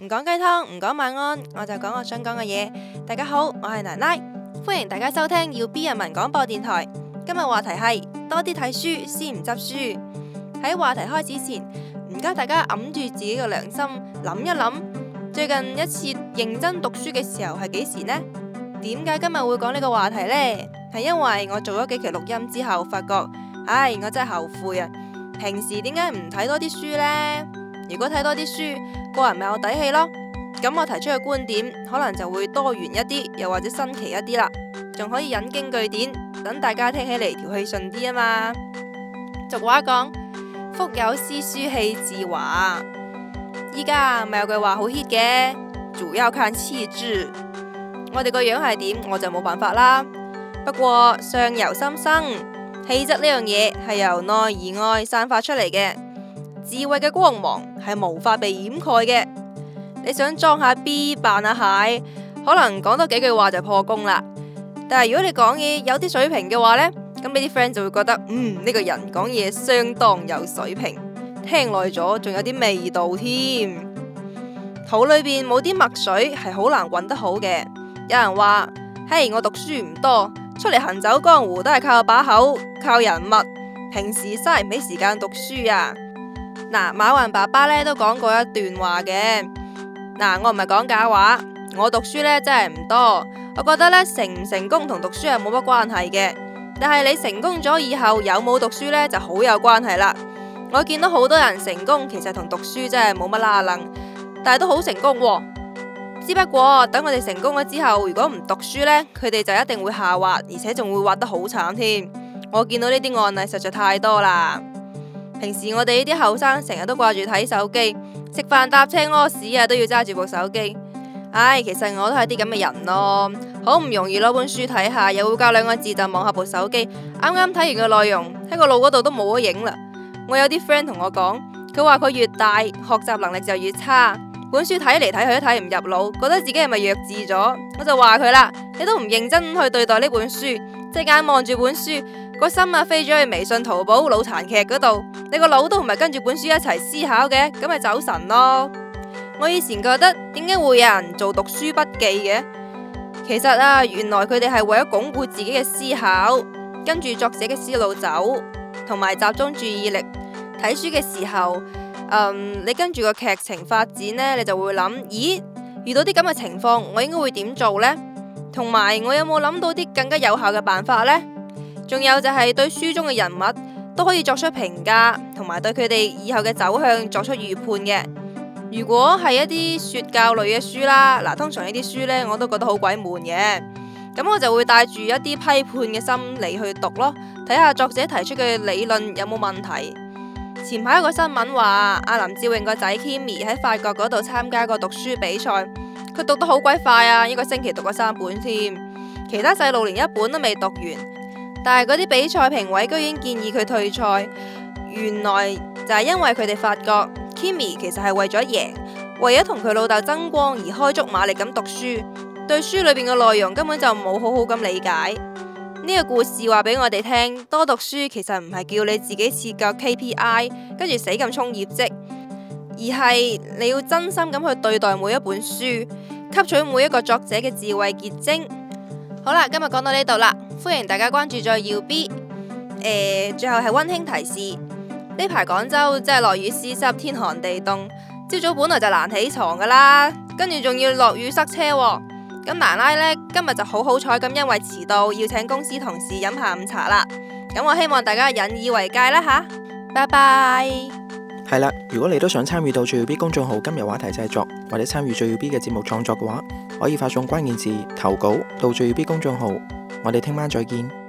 唔講雞湯，唔講晚安，我就講我想講嘅嘢。大家好，我係奶奶，歡迎大家收聽要 B 人民廣播電台。今日話題係多啲睇書先唔執輸。喺話題開始前，唔該大家揞住自己嘅良心諗一諗，最近一次認真讀書嘅時候係幾時呢？點解今日會講呢個話題呢？係因為我做咗幾期錄音之後發覺，唉，我真係後悔啊！平時點解唔睇多啲書呢？如果睇多啲書。個人咪有底氣咯，咁我提出嘅觀點可能就會多元一啲，又或者新奇一啲啦，仲可以引經據典，等大家聽起嚟條氣順啲啊嘛。俗話講，腹有詩書氣自華。依家咪有句話好 hit 嘅，主要看氣質。我哋個樣係點，我就冇辦法啦。不過相由心生，氣質呢樣嘢係由內而外散發出嚟嘅。智慧嘅光芒係無法被掩蓋嘅。你想裝下 B 扮下、啊、蟹，可能講多幾句話就破功啦。但係如果你講嘢有啲水平嘅話呢，咁你啲 friend 就會覺得嗯呢、呢個人講嘢相當有水平，聽耐咗仲有啲味道添。肚裏邊冇啲墨水係好難揾得好嘅。有人話，嘿、hey，我讀書唔多，出嚟行走江湖都係靠把口，靠人物。平時嘥唔起時間讀書啊。嗱，馬雲爸爸咧都講過一段話嘅。嗱，我唔係講假話，我讀書咧真係唔多。我覺得咧成唔成功同讀書係冇乜關係嘅，但係你成功咗以後有冇讀書咧就好有關係啦。我見到好多人成功，其實同讀書真係冇乜啦楞，但係都好成功。只不過等我哋成功咗之後，如果唔讀書咧，佢哋就一定會下滑，而且仲會滑得好慘添。我見到呢啲案例實在太多啦。平時我哋呢啲後生成日都掛住睇手機，食飯搭車屙屎啊都要揸住部手機。唉，其實我都係啲咁嘅人咯，好唔容易攞本書睇下，又會教兩個字就望下部手機。啱啱睇完個內容，喺個腦嗰度都冇咗影啦。我有啲 friend 同我講，佢話佢越大，學習能力就越差，本書睇嚟睇去都睇唔入腦，覺得自己係咪弱智咗？我就話佢啦，你都唔認真去對待呢本書，隻眼望住本書，個心啊，飛咗去微信、淘寶、腦殘劇嗰度，你個腦都唔係跟住本書一齊思考嘅，咁咪走神咯。我以前覺得點解會有人做讀書筆記嘅？其實啊，原來佢哋係為咗鞏固自己嘅思考，跟住作者嘅思路走，同埋集中注意力。睇書嘅時候，嗯，你跟住個劇情發展呢，你就會諗，咦，遇到啲咁嘅情況，我應該會點做呢？同埋我有冇諗到啲更加有效嘅辦法呢？仲有就係對書中嘅人物都可以作出評價，同埋對佢哋以後嘅走向作出預判嘅。如果係一啲說教類嘅書啦，嗱，通常呢啲書呢我都覺得好鬼悶嘅。咁我就會帶住一啲批判嘅心理去讀咯，睇下作者提出嘅理論有冇問題？前排一個新聞話阿林志穎個仔 Kimi 喺法國嗰度參加個讀書比賽，佢讀得好鬼快啊，一個星期讀過三本添，其他細路連一本都未讀完。但係嗰啲比賽評委居然建議佢退賽，原來就係因為佢哋發覺 Kimi 其實係為咗贏，為咗同佢老豆爭光而開足馬力咁讀書，對書裏邊嘅內容根本就冇好好咁理解。呢個故事話俾我哋聽，多讀書其實唔係叫你自己設個 KPI，跟住死咁衝業績，而係你要真心咁去對待每一本書，吸取每一個作者嘅智慧結晶。好啦，今日講到呢度啦。歡迎大家關注最耀 B，誒，最後係温馨提示，呢排廣州真係落雨濕濕，天寒地凍，朝早本來就難起床噶啦，跟住仲要落雨塞車，咁奶奶呢，今日就好好彩咁，因為遲到要請公司同事飲下午茶啦，咁我希望大家引以為戒啦吓，拜拜。係啦，如果你都想參與到最耀 B 公眾號今日話題製作，或者參與最耀 B 嘅節目創作嘅話，可以發送關鍵字投稿到最耀 B 公眾號。我哋聽晚再見。